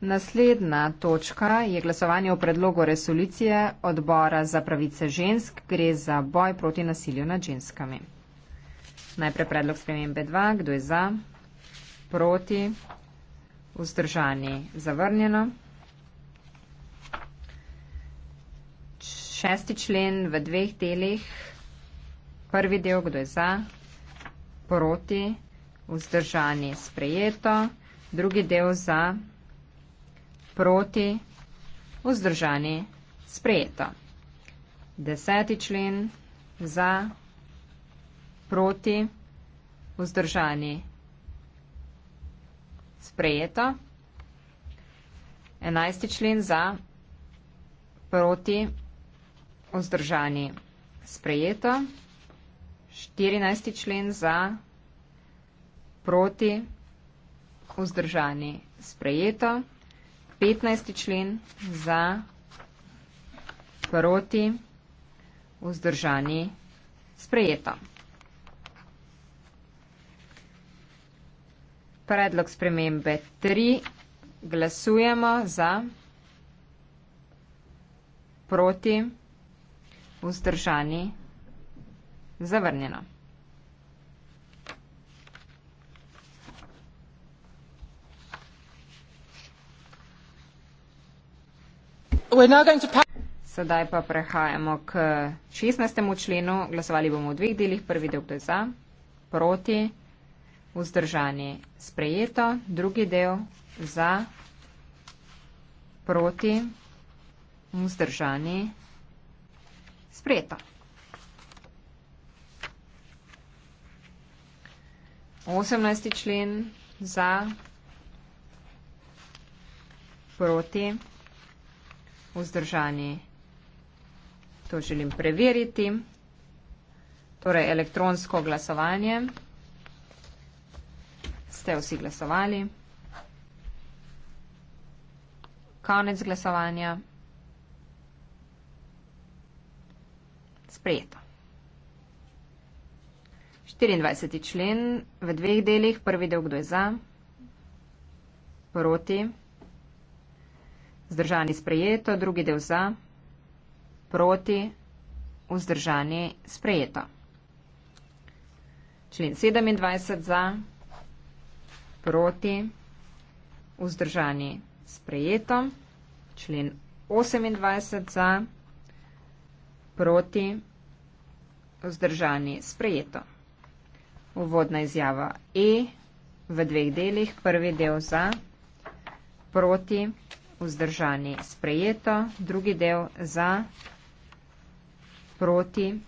Naslednja točka je glasovanje o predlogu resolucije odbora za pravice žensk, gre za boj proti nasilju nad ženskami. Najprej predlog spremembe 2, kdo je za, proti, vzdržani, zavrnjeno. Šesti člen v dveh delih, prvi del, kdo je za, proti, vzdržani, sprejeto drugi del za, proti, vzdržani, sprejeto. Deseti člen za, proti, vzdržani, sprejeto. Enajsti člen za, proti, vzdržani, sprejeto. Štirinajsti člen za, proti, vzdržani, sprejeto vzdržani. Sprejeto. 15. člen za proti vzdržani. Sprejeto. Predlog spremembe 3. Glasujemo za proti vzdržani. Zavrnjeno. Sedaj pa prehajamo k 16. členu. Glasovali bomo v dveh delih. Prvi del bo za, proti, vzdržani, sprejeto. Drugi del za, proti, vzdržani, sprejeto. 18. člen za, proti, vzdržani, sprejeto vzdržani. To želim preveriti. Torej, elektronsko glasovanje. Ste vsi glasovali? Konec glasovanja. Sprejeto. 24. člen v dveh delih. Prvi del, kdo je za? Proti. Zdržani sprejeto, drugi del za, proti, vzdržani sprejeto. Člen 27 za, proti, vzdržani sprejeto. Člen 28 za, proti, vzdržani sprejeto. Uvodna izjava E v dveh delih, prvi del za, proti, vzdržani sprejeto vzdržani. Sprejeto, drugi del za, proti,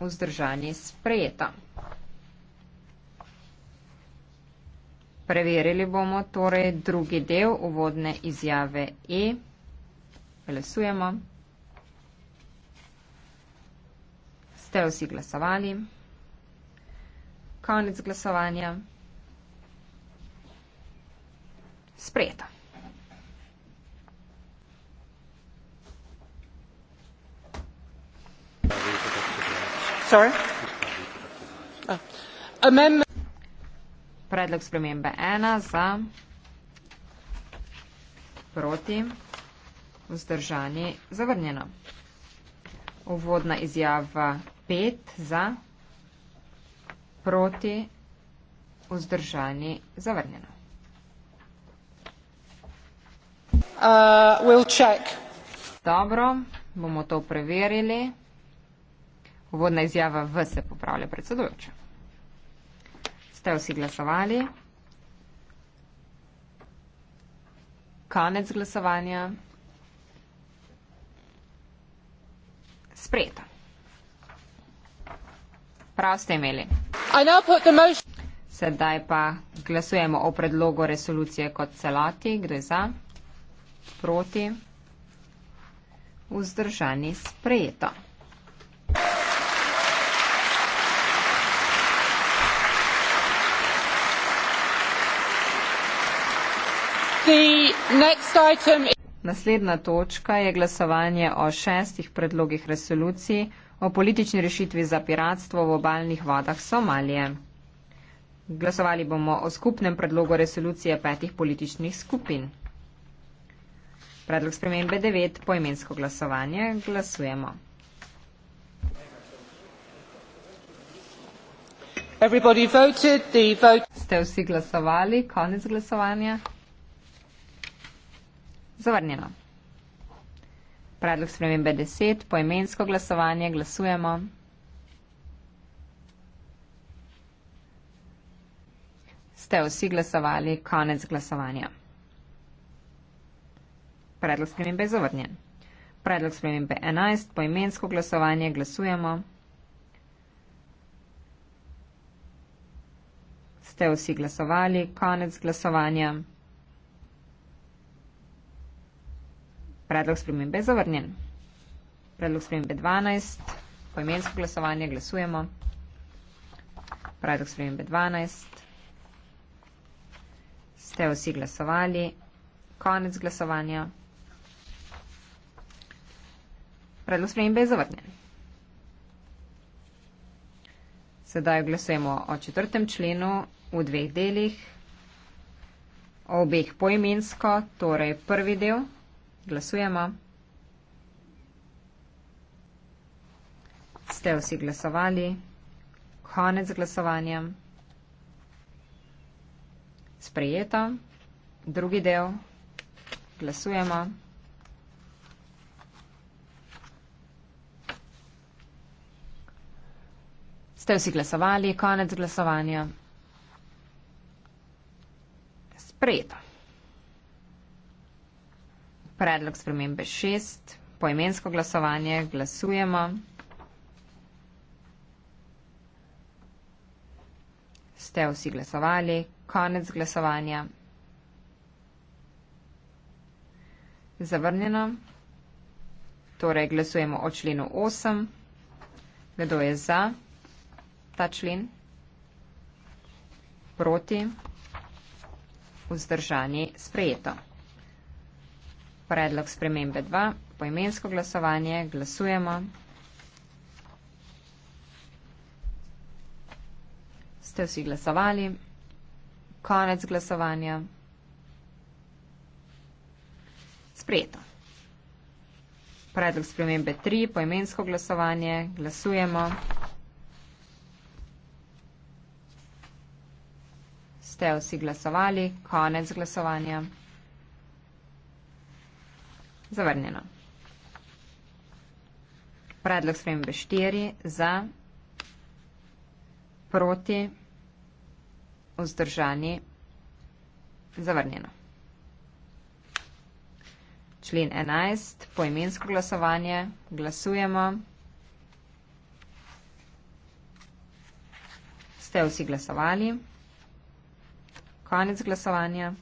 vzdržani. Sprejeto. Preverili bomo torej drugi del uvodne izjave E. Glasujemo. Ste vsi glasovali? Konec glasovanja. Sprejeto. Oh. Predlog spremembe ena za, proti, vzdržani, zavrnjeno. Uvodna izjava pet za, proti, vzdržani, zavrnjeno. Uh, we'll Dobro, bomo to preverili. Uvodna izjava V se popravlja predsedujoča. Ste vsi glasovali? Konec glasovanja. Sprejeta. Prav ste imeli. Sedaj pa glasujemo o predlogu resolucije kot celoti. Kdo je za? Proti? Vzdržani sprejeto. Naslednja točka je glasovanje o šestih predlogih resolucij o politični rešitvi za piratstvo v obaljnih vodah Somalije. Glasovali bomo o skupnem predlogu resolucije petih političnih skupin. Predlog spremembe 9 poimensko glasovanje. Glasujemo. Vote, vote... Ste vsi glasovali? Konec glasovanja. Zavrnjeno. Predlog spremembe 10, poimensko glasovanje, glasujemo. Ste vsi glasovali, konec glasovanja. Predlog spremembe je zavrnjen. Predlog spremembe 11, poimensko glasovanje, glasujemo. Ste vsi glasovali, konec glasovanja. Predlog spremembe je zavrnjen. Predlog spremembe 12, poimensko glasovanje, glasujemo. Predlog spremembe 12, ste vsi glasovali, konec glasovanja. Predlog spremembe je zavrnjen. Sedaj glasujemo o četrtem členu v dveh delih, o obeh poimensko, torej prvi del. Glasujemo. Ste vsi glasovali? Konec glasovanja. Sprejeto. Drugi del. Glasujemo. Ste vsi glasovali? Konec glasovanja. Sprejeto predlog spremembe šest, poimensko glasovanje, glasujemo. Ste vsi glasovali, konec glasovanja. Zavrnjeno. Torej glasujemo o členu 8. Kdo je za ta člen? Proti. Vzdržanje sprejeto. Predlog spremembe 2. Poimensko glasovanje. Glasujemo. Ste vsi glasovali? Konec glasovanja. Sprejeto. Predlog spremembe 3. Poimensko glasovanje. Glasujemo. Ste vsi glasovali? Konec glasovanja. Zavrnjeno. Predlog spremembe 4 za, proti, vzdržani, zavrnjeno. Člen 11, poimensko glasovanje, glasujemo. Ste vsi glasovali? Konec glasovanja.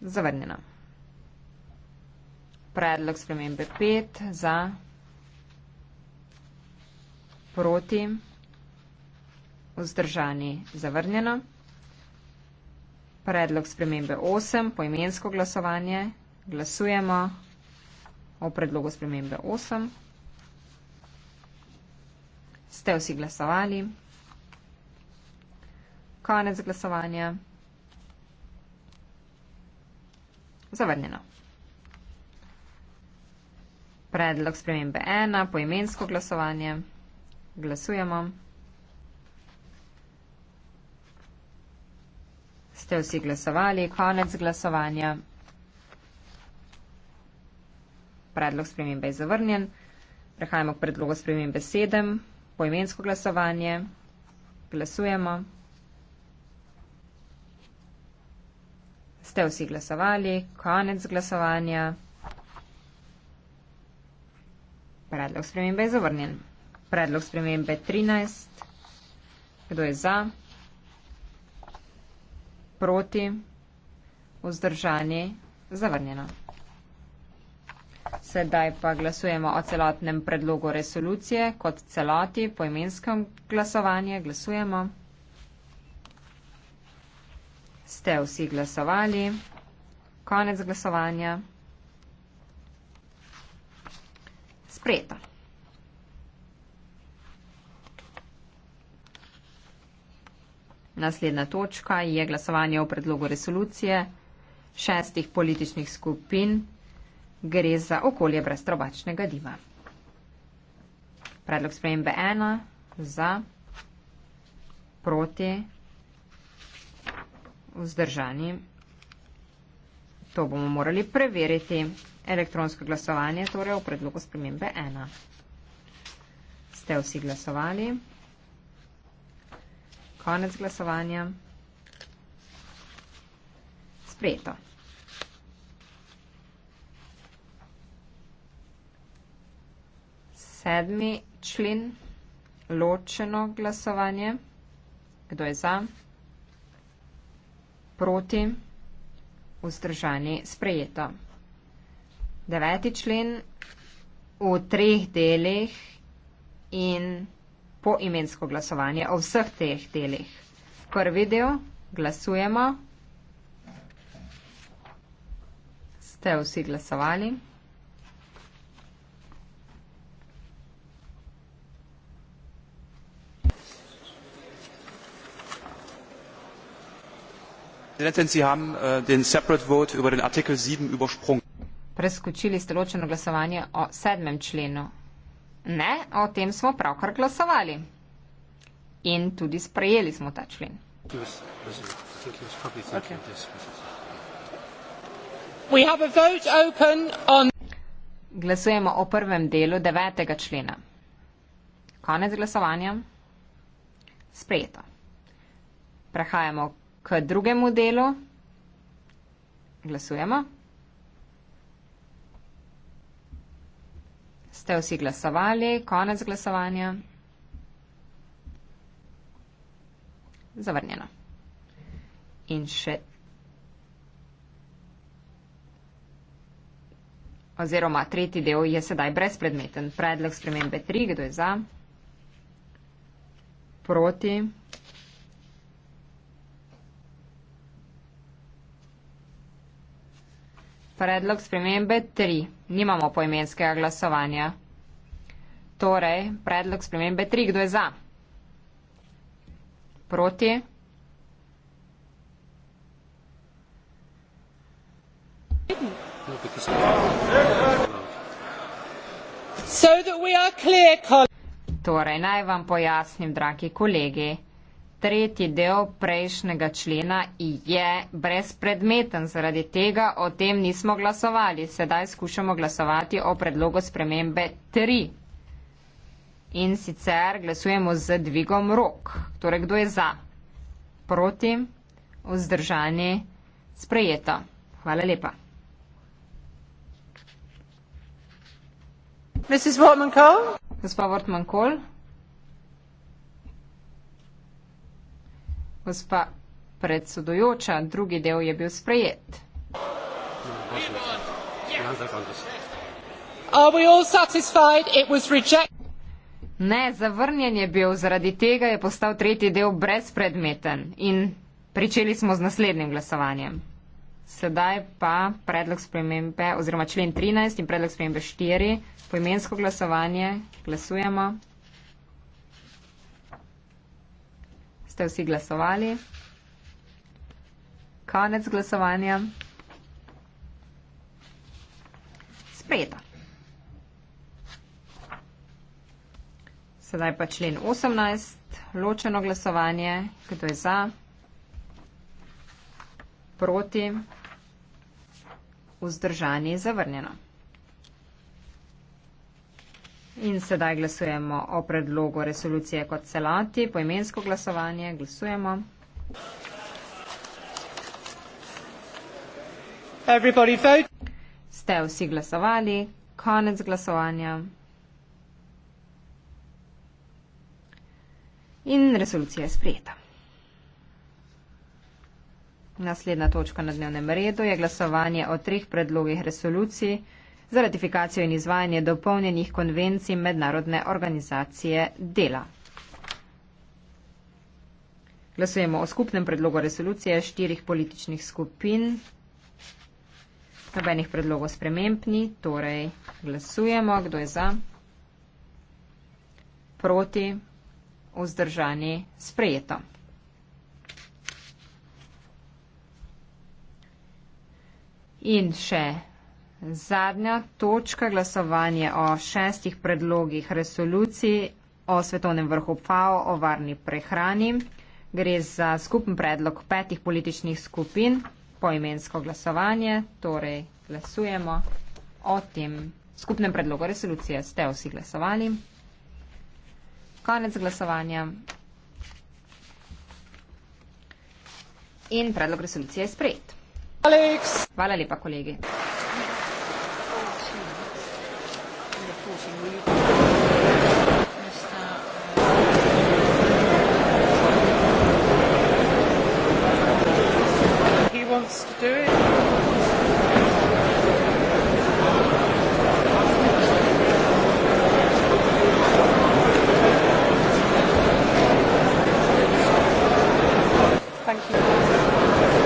Zavrnjeno. Predlog spremembe 5 za proti vzdržani zavrnjeno. Predlog spremembe 8 po imensko glasovanje. Glasujemo o predlogu spremembe 8. Ste vsi glasovali? Konec glasovanja. Zavrnjeno. Predlog spremembe 1, poimensko glasovanje. Glasujemo. Ste vsi glasovali, konec glasovanja. Predlog spremembe je zavrnjen. Prehajamo k predlogu spremembe 7, poimensko glasovanje. Glasujemo. ste vsi glasovali, konec glasovanja. Predlog spremembe je zavrnjen. Predlog spremembe 13. Kdo je za? Proti? Vzdržani? Zavrnjeno. Sedaj pa glasujemo o celotnem predlogu resolucije kot celoti, poimenskem glasovanju. Glasujemo ste vsi glasovali. Konec glasovanja. Sprejeto. Naslednja točka je glasovanje o predlogu resolucije šestih političnih skupin. Gre za okolje brez trobačnega dima. Predlog spremembe 1 za proti vzdržani. To bomo morali preveriti. Elektronsko glasovanje torej v predlogu spremembe 1. Ste vsi glasovali? Konec glasovanja. Sprejeto. Sedmi člen. Ločeno glasovanje. Kdo je za? Kdo je za? proti, vzdržani, sprejeto. Deveti člen v treh delih in poimensko glasovanje o vseh teh delih. Prvi del, glasujemo. Ste vsi glasovali? präsidentin sie haben äh, den separate vote über den artikel 7 übersprungen preskočili ste ločeno glasovanje o sedmem členu. Ne, o tem smo pravkar glasovali. In tudi sprejeli smo ta člen. Okay. Glasujemo o prvem delu devetega člena. Konec glasovanja. Sprejeto. Prehajamo k drugemu delu. Glasujemo. Ste vsi glasovali? Konec glasovanja. Zavrnjeno. In še. Oziroma, tretji del je sedaj brezpredmeten. Predlog spremembe 3. Kdo je za? Proti. predlog spremembe 3. Nimamo poimenskega glasovanja. Torej, predlog spremembe 3. Kdo je za? Proti? Torej, naj vam pojasnim, dragi kolegi tretji del prejšnjega člena je brezpredmeten. Zaradi tega o tem nismo glasovali. Sedaj skušamo glasovati o predlogu spremembe 3. In sicer glasujemo z dvigom rok. Torej, kdo je za? Proti? Vzdržani? Sprejeto. Hvala lepa. Gospa Vortman-Kol. Gospa predsedujoča, drugi del je bil sprejet. Ne, zavrnjen je bil, zaradi tega je postal tretji del brezpredmeten in pričeli smo z naslednjim glasovanjem. Sedaj pa predlog spremembe oziroma člen 13 in predlog spremembe 4, poimensko glasovanje, glasujemo. ste vsi glasovali. Konec glasovanja. Sprejeta. Sedaj pa člen 18. Ločeno glasovanje. Kdo je za? Proti? Vzdržanje je zavrnjeno. In sedaj glasujemo o predlogu resolucije kot celoti. Poimensko glasovanje glasujemo. Ste vsi glasovali? Konec glasovanja. In resolucija je sprejeta. Naslednja točka na dnevnem redu je glasovanje o treh predlogih resolucij za ratifikacijo in izvajanje dopolnjenih konvencij Mednarodne organizacije dela. Glasujemo o skupnem predlogu resolucije štirih političnih skupin. Nobenih predlogov spremembni, torej glasujemo, kdo je za, proti, vzdržani, sprejeto. In še Zadnja točka glasovanja o šestih predlogih resolucij o svetovnem vrhu FAO o varni prehrani. Gre za skupen predlog petih političnih skupin po imensko glasovanje, torej glasujemo o tem skupnem predlogu resolucije. Ste vsi glasovali? Konec glasovanja. In predlog resolucije je sprejet. Hvala lepa, kolegi. tu singoli he wants to do it thank you